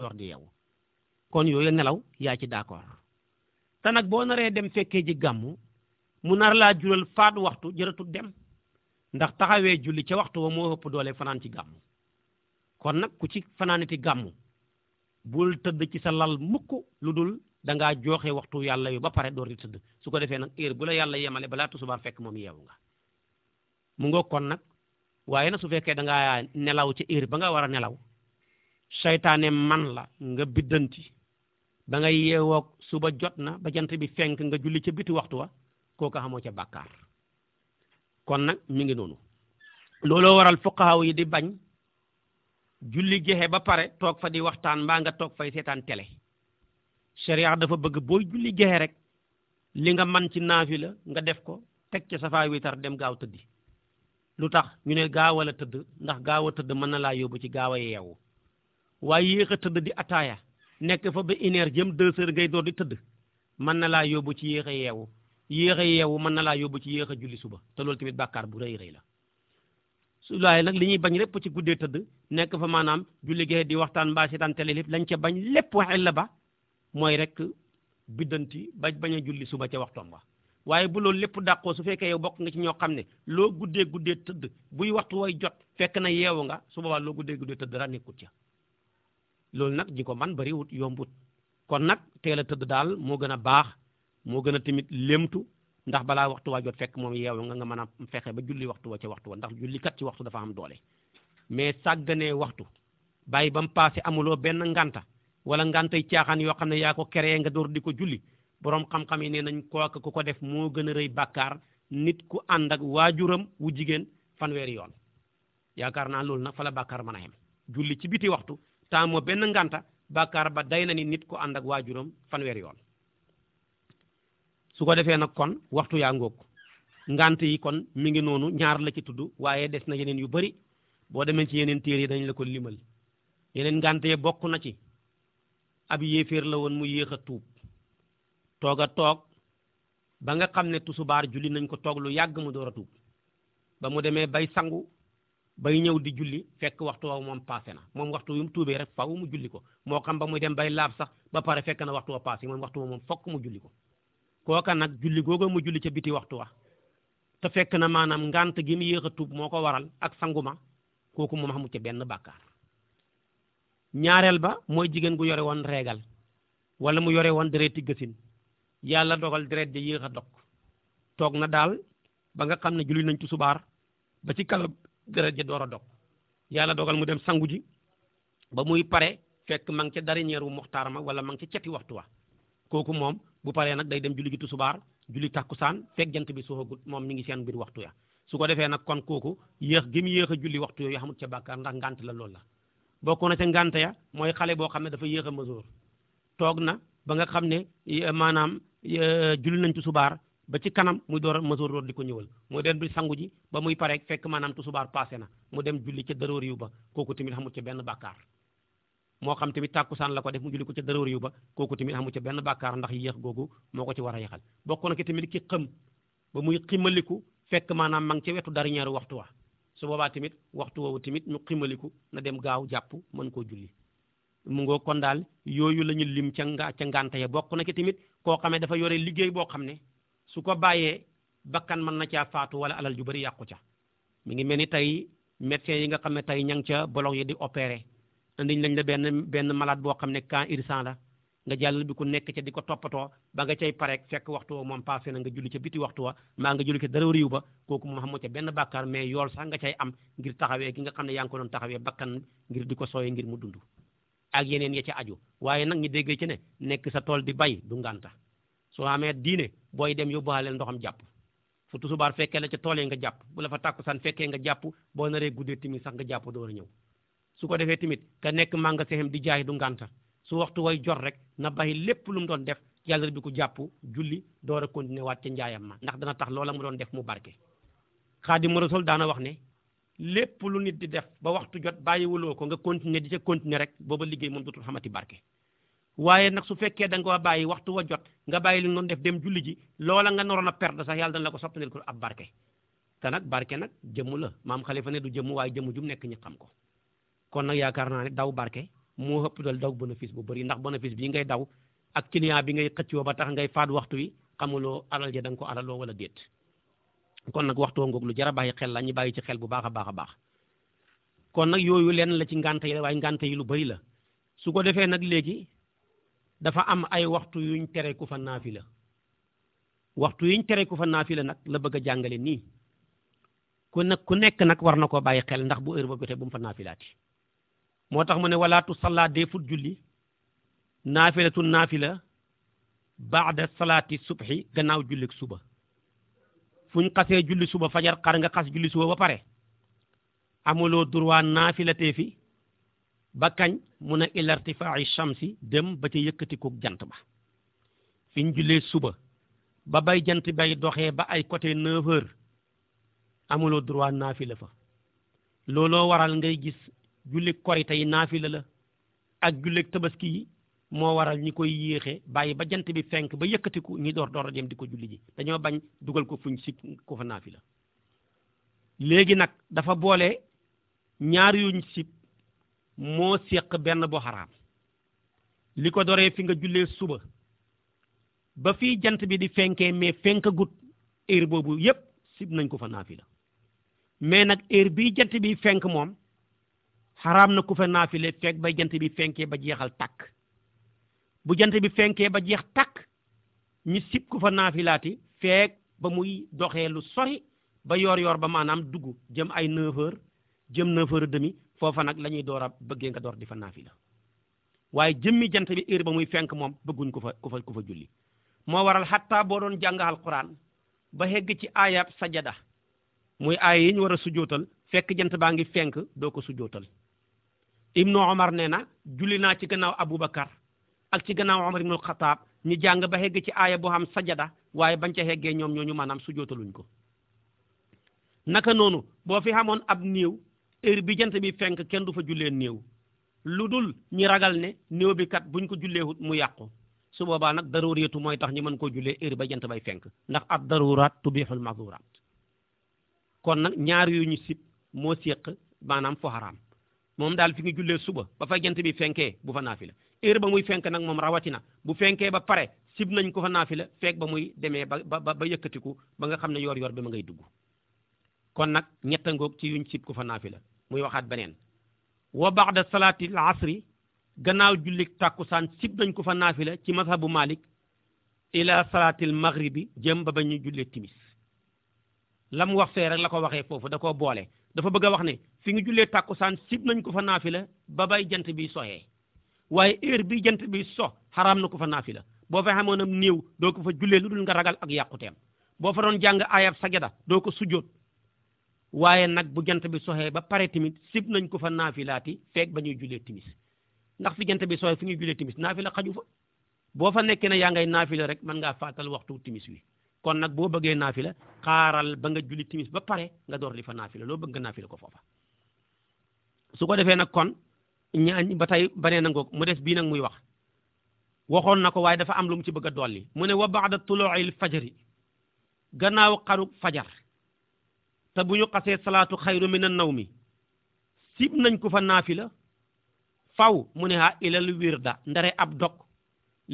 yor di yeewu kon yooyu nelaw yaa ci d'accord te nag boo naree dem fekkee ji gàmmu mu nar laa jural faat waxtu jëratul dem ndax taxawee julli ca waxtu wa moo ëpp doole fanaan ci gàmmu kon nag ku ci fanaaniti gàmmu bul tëdd ci sa lal mukk lu dul da ngaa waxtu yàlla yu ba pare door di tëdd su ko defee nag heure bu la yàlla yemale balaa tusubaar fekk moom yeewu nga mu nga kon nag waaye nag su fekkee da ngaa nelaw ci heure ba nga war a nelaw seytaane man la nga biddanti ba nga yeewoog suba jot na ba jant bi fenk nga julli ca biti waxtu wa kooka xamoo ca bàkkaar kon nag mi ngi noonu looloo waral fuqahaw yi di bañ julli jeexe ba pare toog fa di waxtaan mbaa nga toog fay seetaan télé sharia dafa bëgg booy julli jeexe rek li nga man ci naafi la nga def ko teg ca safa witar dem gaaw tëddi lu tax ñu ne gaaw a tëdd ndax gaaw a tëdd mën na laa yóbbu ci gaaw a yeewu waaye yéex a tëdd di ataaya nekk fa ba une heure jëm deux heures ngay door di tëdd mën na laa yóbbu ci yéex a yeewu yéex a yeewu mën na laa yóbbu ci yéex a julli suba te loolu tamit bàkkaar bu rëy rëy la su laay nag li ñuy bañ lépp ci guddee tëdd nekk fa maanaam julli gee di waxtaan mbaa seetaan télé lépp lañ ca bañ lépp waxee la ba mooy rek biddanti ba bañ a julli suba ca waxtoom ba waaye bu loolu lépp dàqoo su fekkee yow bokk nga ci ñoo xam ne loo gud guddee tëdd buy waxtu way jot fekk na yeewu nga su boobaa loo guddee guddee tëdd ra nekkut ca loolu nag ñi ko man bariwut yombut kon nag teel a tëdd daal moo gën a baax moo gën a tamit lémtu ndax balaa waxtu waa jot fekk moom yeewu nga nga mën a fexe ba julli waxtu wa ca waxtu wa ndax julli kat ci waxtu dafa am doole mais sàgganee waxtu bàyyi ba mu passé amuloo benn nganta wala ngantay caaxaan yoo xam ne yaa ko keree nga door di ko julli borom xam-xam yi nee nañ kooka ku ko def moo gën a rëy bàkkaar nit ku ànd ak waajuram wu jigéen fanweeri yoon yaakaar naa loolu nag fa la bàkkaar mën ci biti waxtu taamoo benn nganta bàkkaar ba day na ni nit ku ànd ak waajuram fanweer yoon su ko defee nag kon waxtu yaa ngóog ngant yi kon mu ngi noonu ñaar la ci tudd waaye des na yeneen yu bari boo demee ci yeneen téere yi dañ la ko limal yeneen ngante yi bokk na ci ab yéeféer la woon mu yéex a tuub toog a toog ba nga xam ne tusu baar julli nañ ko toog lu yàgg mu door a tuub ba mu demee bay sangu bay ñëw di julli fekk waxtu woowu moom passé na moom waxtu wu mu tuubee rek faaw mu julli ko moo xam ba muy dem bay laab sax ba pare fekk na waxtu wa passé moom waxtu moom fokk mu julli ko kooka nag julli ko mu julli ca biti waxtu wa te fekk na maanaam ngant gi mu yéex a tuub moo ko waral ak sangu ma kooku moom xamu ca benn bàkkaar ñaareel ba mooy jigéen gu yore woon reegal wala mu yore woon dereti gësin yàlla dogal deret ja yéex a dog toog na daal ba nga xam ne julli nañ tusubaar ba ci kala deret ji door a dog yàlla dogal mu dem sangu ji ba muy pare fekk ma ngi ca dernier wu muxtaar ma wala ma ngi ca cati waxtu wa kooku moom bu paree nag day dem julli gi tusubaar julli takkusaan fekk jant bi soxagut moom mi ngi seen biir waxtu ya su ko defee nag kon kooku yéex gi mu yéex a julli waxtu yooyu xamut ca bàkkaar ndax ngant la loolu la bokkoon na ca ngant ya mooy xale boo xam ne dafa yéex a masoor toog na ba nga xam ne maanaam eh, julli nañ tusubaar ba ci kanam muy door a mësoor door di ko ñëwal mu dem di sangu ji ba muy pare fekk maanaam tusubaar passé na mu dem julli ca daroor yu ba kooku tamit xamul ca benn bàkkaar moo xam tamit tàkkusaan la ko def mu julli ko ca daroor yu ba kooku tamit xamul ca benn bàkkaar ndax yéex googu moo ko ci war a yéexal bokk na ki tamit ki xëm ba muy ximaliku fekk maanaam ma ngi ca wetu dernier waxtu wa su boobaa tamit waxtu woowu tamit ñu ximaliku na dem gaaw jàpp mën koo julli mu ngoo kon daal yooyu la ñu lim ca nga ca ngante ya bokk na ki tamit koo xamee dafa yore liggéey boo xam ne su ko bàyyee bakkan mën na caa faatu wala alal ju bëri yàqu ca mu ngi mel ni tey médecin yi nga xam ne tey ña ngi ca bolog yi di opéré andiñ lañ la benn benn malade boo xam ne cas urgent la nga jàll bi ku nekk ca di ko toppatoo ba nga cay parek fekk waxtu wa moom passé na nga julli ca biti waxtu wa maa nga julli ca dara riiw ba kooku moom xamoo ca benn bàkkaar mais yool sax nga cay am ngir taxawee ki nga xam ne yaa ngi ko doon taxawee bakkan ngir di ko sooyee ngir mu dund ak yeneen ya ca aju waaye nag ñu déggee ci ne nekk sa tool di bay du nganta soo amee diine booy dem yóbbaaleel ndoxam jàpp fu tusubaar fekkee la ca tool yi nga jàpp bu la fa tàkkusaan fekkee nga jàpp boo naree guddee tamit sax nga jàpp door a ñëw su ko defee tamit ka nekk magasin di jaay du ngànta su waxtu way jot rek na bàyyi lépp lu mu doon def yàlla bi ko jàpp julli door a continuer waat ca ndax dana tax loola mu doon def mu barke xaadimu rasul daana wax ne lépp lu di def ba waxtu jot bàyyiwuloo ko nga continuer di ca continuer rek booba liggéey moom dootul xamati barke waaye nag su fekkee da nga bàyyi waxtu wa jot nga bàyyi li nga doon def dem julli ji loola nga naroon a perte sax yàlla dana la ko soppandil ko ab barke te nag barke nag jëmm la maam xalifa ne du jëmm waaye jëmm jum nekk ñi xam ko kon nag yaakaar naa ne daw barke moo ëpp dal daw bénéfice bu bëri ndax bénéfice bii ngay daw ak client bi ngay xëccoo ba tax ngay faat waxtu wi xamuloo alal ja da nga ko alaloo wala déet kon nag waxtu ngoog lu jar a bàyyi xel la ñu bàyyi ci xel bu baax a baax a baax kon nag yooyu lenn la ci ngànte yi la waaye ngànte yi lu bëri la su dafa am ay waxtu yuñ tere ku fa naafila waxtu yuñ tere ku fa naafila nag la bëgg a jàngale nii ku nag ku nekk nag war na koo bàyyi xel ndax bu heure ba jotee bu mu fa naafilaati moo tax mu ne walaatu salla defut julli naafilatun naafila baada salaati subhi gannaaw jullik suba fuñ xasee julli suba fajar xar nga xas julli suba ba pare amuloo droit naafilatee fi ba kañ mu ne ila irtifaa'i shamsi dem ba ca yëkkatiku jant ba fi ñu jullee suba ba bay jant bay doxee ba ay côté neuf heures amuloo droit naafila fa looloo waral ngay gis julli korite yi naafila la ak julli tabaski yi moo waral ñi koy yéexe bàyyi ba jant bi fenk ba yëkkatiku ñi door door a dem di ko julli ji dañoo bañ dugal ko fuñ si ko fa naafila léegi nag dafa boole ñaar yuñ sib moo séq benn bu xaraam li ko doree fi nga jullee suba ba fi jant bi di fenkee mais fenk gut heure boobu yépp sib nañ ko fa naafila mais nag heure bii jant bi fenk moom xaraam na ku fa naafile fekk ba jant bi fenkee ba jeexal takk bu jant bi fenkee ba jeex takk ñu sib ko fa naafilaati fekk ba muy doxee lu sori ba yor yor ba maanaam dugg jëm ay 9 jëm 9 heures demi foofa nag la ñuy door a bëggee nga door di fa naafila waaye jëmmi jant bi heure ba muy fenk moom bëgguñ ko fa ku fa ku fa julli moo waral xatta boo doon jàng alquran ba hegg ci aayab sajada muy aaya yi ñu war a sujootal fekk jant baa ngi fenk doo ko sujootal ibnu omar nee na julli naa ci gannaaw aboubacar ak ci gannaaw omar ibnul xataab ñu jàng ba hegg ci aaya boo xam sajada waaye bañ ca xeggee ñoom ñooñu maanaam sujootaluñ ko naka noonu boo fi xamoon ab néew heure bi jant bi fenk kenn du fa jullee néew lu dul ñi ragal ne néew bi kat buñ ko julleewut mu yàqu su boobaa nag daruriyatu mooy tax ñi mën koo jullee heure ba jant bay fenk ndax ad daruraat tubixul mazuraat kon nag ñaar yu ñu sib moo séq maanaam foxaraam moom daal fi nga jullee suba ba fa jant bi fenkee bu fa naafila heure ba muy fenk nag moom rawatina bu fenkee ba pare sib nañ ko fa naafila feek ba muy demee ba ba ba ko ba nga xam ne yoor yoor bi ma ngay dugg kon nag ñetta ngoog ci yuñ sib ku fa naafila muy waxaat beneen wa ba'da salaatil asri gannaaw jullik tàkkusaan sib nañ ko fa naafila ci mazhabu malik ila salaatil maghribi jëm ba ba ñu jullee timis la wax fee rek la ko waxee foofu da koo boole dafa bëgg wax ne fi nga jullee tàkkusaan sib nañ ko fa naafila ba bay jant bi soxee waaye heure bi jant bi so xaraam na ko fa naafila boo fa xamoon am néew doo ko fa jullee lu dul nga ragal ak yàquteem boo fa doon jàng ayab sajada doo ko sujjoot waaye nag bu jant bi soxee ba pare tamit sib nañ ko fa naafilaati feeg ba ñuy jullee timis ndax fi jant bi soxee fi ñuy jullee timis naafila xaju fa boo fa nekkee ne yaa ngay naafila rek mën ngaa fàttal waxtu timis wi kon nag boo bëggee naafila xaaral ba nga julli timis ba pare nga door di fa naafila loo bëgg nga naafila ko foofa su ko defee nag kon ñaañ ba tey banee na ngoog mu des bii nag muy wax waxoon na ko waaye dafa am lu mu ci bëgg a dolli mu ne wa baada tuluuil fajari gannaaw xarug fajar te bu ñu xasee salaatu xayru min an mi sib nañ ko fa naafila faw mu ne ha ilal wirda ndare ab dog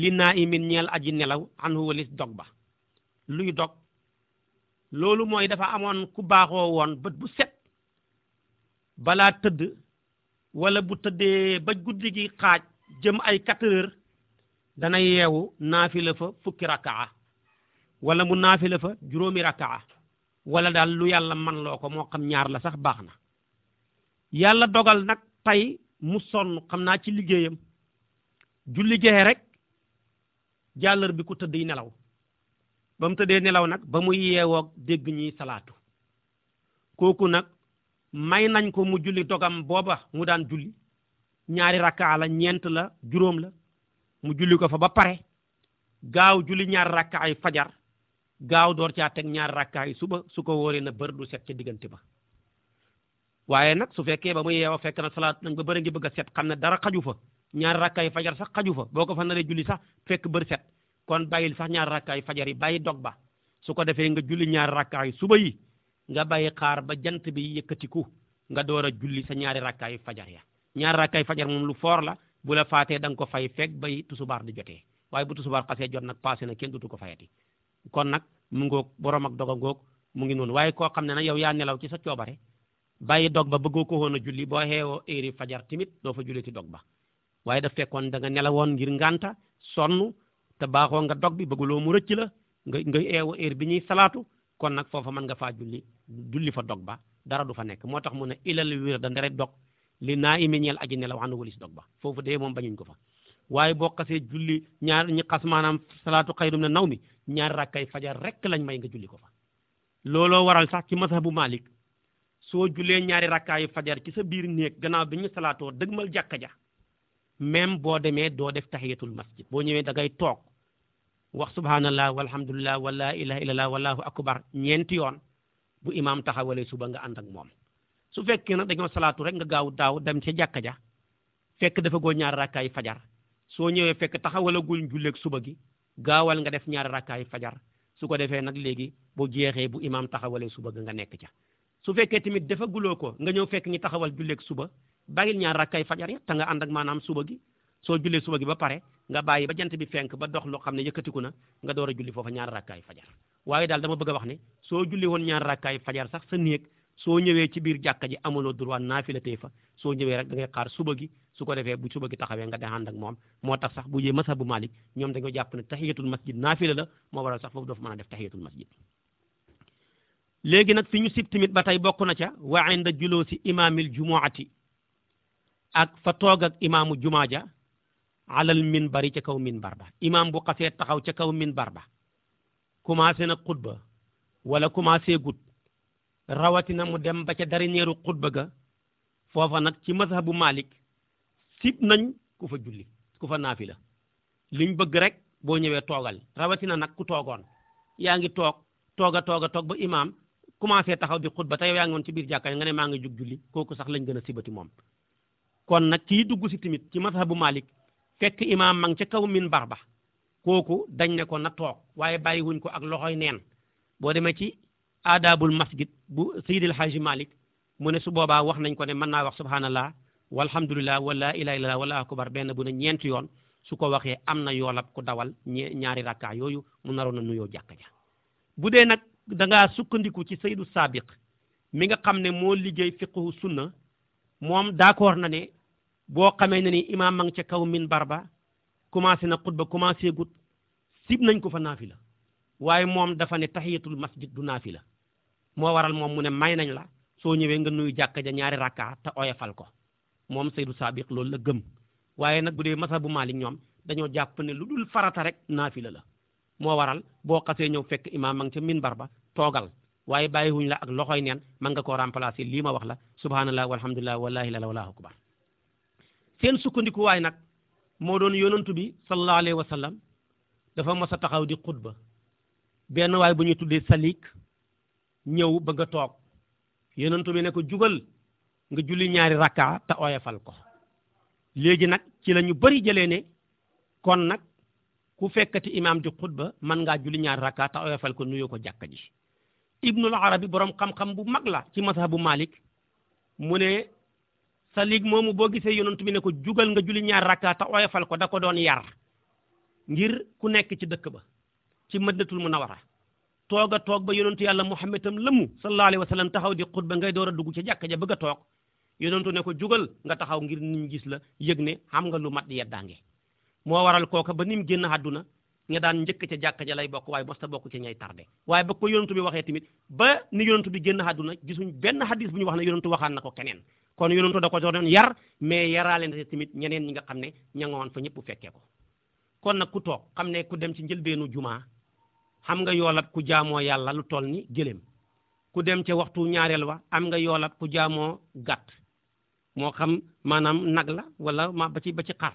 li naa imin ñeel aji nelaw anhu walis dog ba luy dog loolu mooy dafa amoon ku baaxoo woon bët bu set balaa tëdd wala bu tëddee ba guddi gi xaaj jëm ay quatre dana yeewu naafila fa fukki rakaa wala mu naafila fa juróomi rakaa wala daal lu yàlla man loo ko moo xam ñaar la sax baax na yàlla dogal nag tey mu sonn xam naa ci liggéeyam ju liggéey rek jàllar bi ku tëdd nelaw ba mu tëddee nelaw nag ba mu yeewoog dégg ñuy salaatu kooku nag may nañ ko mu julli dogam booba mu daan julli ñaari rakkaa la ñeent la juróom la mu julli ko fa ba pare gaaw julli ñaari rakkaay fajar gaaw door caa teg ñaar rakkaay suba su ko wóoree na bër du set ca diggante ba waaye nag su fekkee ba mu yeewa fekk na salaat nañ ba bëri ngi bëgg a set xam ne dara xaju fa ñaar rakkaay fajar sax xaju fa boo ko fa naree julli sax fekk bër set kon bàyyil sax ñaar rakkaay fajar yi bàyyi dog ba su ko defee nga julli ñaar rakkaay suba yi nga bàyyi xaar ba jant bi yëkkati yëkkatiku nga door a julli sa ñaari rakkaay fajar ya ñaar rakkaay fajar moom lu foor la bu la faatee da nga ko fay fekk bay tusubaar di jotee waaye bu tusubaar xasee jot nag passé na kenn dutu ko fayati kon nag mu ngoog borom ak dog a ngoog mu ngi noonu waaye koo xam ne na yow yaa nelaw ci sa coobare bàyyi dog ba bëggoo ko woon a julli boo xeewoo éeri fajar timit doo fa ci dog ba waaye daf fekkoon da nelawoon ngir nganta sonn te baaxoo nga dog bi bëgguloo mu rëcc la nga nga eewu bi ñuy salaatu kon nag foofa mën nga faa julli julli fa dog ba dara du fa nekk moo tax mu ne ilal wér da ndere dog li naa imi ñeel aji nelaw xana walis dog ba foofu dee moom bañuñ ko fa waaye boo xasee julli ñaar ñi xas maanaam salaatu xayrum ne naw mi ñaar rakkay fajar rek lañ may nga julli ko fa looloo waral sax ci mazhabu Malik soo julee ñaari rakkaayu fajar ci sa biir néeg gannaaw bi ñu salaatoo dëgmal jàkka ja même boo demee doo def tahiyatul masjid boo ñëwee da ngay toog wax subhanallah walhamdulillah wala ilaha illallah wallahu akbar ñeenti yoon bu imaam taxawalee suba nga ànd ak moom su fekkee nag dañoo salaatu rek nga gaaw daaw dem ca jàkka ja fekk dafa goo ñaari rakkaayu fajar soo ñëwee fekk taxawalagul julleeg suba gi gaawal nga def ñaari rakkaay fajar su ko defee nag léegi bu jeexee bu imaam taxawalee suba nga nekk ca su fekkee tamit dafa guloo ko nga ñëw fekk ñi taxawal julleeg suba bàyyil ñaari rakkaay fajar ya nga ànd maanaam suba gi soo jullee suba gi ba pare nga bàyyi ba jant bi fenk ba dox loo xam ne yëkkatiku na nga door a julli foofa ñaar rakkaay fajar waaye daal dama bëgg a wax ni soo julli woon ñaari rakkaay fajar sax sa néeg soo ñëwee ci biir jàkka ji amuloo droit naafila tey fa soo ñëwee rek da ngay xaar suba gi su ko defee bu suba gi taxawee nga daan ànd ak moom moo tax sax bu jee masabu Malik ñoom dañoo jàpp ne tahiyatul masjid naafila la moo waral sax foofu doo fa mën a def tahiyatul masjid léegi nag fi ñu sib tamit ba tey bokk na ca wa inda juloosi imaamil jumuati ak fa toog ak imaamu jumaa ja alal minbari ca kaw minbar ba imaam bu xasee taxaw ca kaw minbar ba commencé na xutba wala commencé gut rawatina mu dem ba ca dariñeeru xutba ga foofa nag ci sib nañ ku fa julli ku fa naafi la liñ bëgg rek boo ñëwee toogal rawatina nag ku toogoon yaa ngi toog toog a toog a toog ba imaam commencé taxaw di xutba te yow yaa ngi woon ci biir jàkkañ nga ne maa ngi jug julli kooku sax lañ gën a sibati moom kon nag kii dugg si tamit ci bu Malik fekk imaam ma ngi ca kaw minbar ba kooku dañ ne ko na toog waaye bàyyiwuñ ko ak loxoy neen boo demee ci aadaabul masjid bu Seydil Hadji Malik mu ne su boobaa wax nañ ko ne mën naa wax subhanallah walhamdulilah wala ilaha illallah wala akbar benn bu ne ñeenti yoon su ko waxee am na yoolab ku dawal ñaari rakka yooyu mu naroon a nuyoo jàkka bu dee nag danga sukkandiku ci saydu saabiq mi nga xam ne moo liggéey fiqhu sunna moom d'accord na ne boo xamee ne ni imaam ma ngi ca kaw min barba commencé na xutba commencé gut sib nañ ko fa naafila waaye moom dafa ne tahiyatul masjid du naafila moo waral moom mu ne may nañ la soo ñëwee nga nuyu jàkka ja ñaari rakka te oyofal ko moom Seydou Sabiq loolu la gëm waaye nag bu dee masa bu Malik ñoom dañoo jàpp ne lu dul farata rek naafila la moo waral boo xasee ñëw fekk imaam ma ngi ca minbar ba toogal waaye bàyyiwuñ la ak loxoy neen man nga ko remplacer lii ma wax la subhanallah walhamdulillah wallahi la wallahu akbar seen sukkandiku waaye nag moo doon yonantu bi sallallahu alayhi wa sallam dafa mos a taxaw di xutba benn waay bu ñuy tuddee salik ñëw ba nga toog yonantu bi ne ko jugal nga julli ñaari rakka te oyofal ko léegi nag ci la ñu bëri jëlee ne kon nag ku fekkati imaam di xutba mën ngaa julli ñaari rakka te oyofal ko nuyoo ko jàkka ji ibnul arabi borom xam-xam bu mag la ci mazhabu malik mu ne sa lig moomu boo gisee yonent bi ne ko jugal nga julli ñaari rakka te oyofal ko da ko doon yar ngir ku nekk ci dëkk ba ci madinatul munawara toog a toog ba yonentu yàlla muhammad tam lëmu sallallahu alayhi wa sallam taxaw di xutba ngay door dugg ca jàkka ja bëgg toog yonentu ne ko jugal nga taxaw ngir niñ gis la yëg ne xam nga lu mat yeddaange moo waral kooka ba ni mu génn àdduna ña daan njëkk ca jàkka ja lay bokk waaye mos ta bokk ca ñay tardé waaye ba ko yonentu bi waxee tamit ba ni yonentu bi génn àdduna gisuñ benn hadis bu ñu wax na yonentu waxaan na ko keneen kon yonentu da ko doon yar mais yaraale na tamit ñeneen ñi nga xam ne ña nga woon fa ñëpp fekkee ko kon nag ku toog xam ne ku dem ci njëlbeenu jumaa xam nga yoolab ku jaamoo yàlla lu toll ni gëléem ku dem ca waxtu ñaareel wa am nga yoolab ku jaamoo gàtt moo xam maanaam nag la wala ma ba ci ba ci xar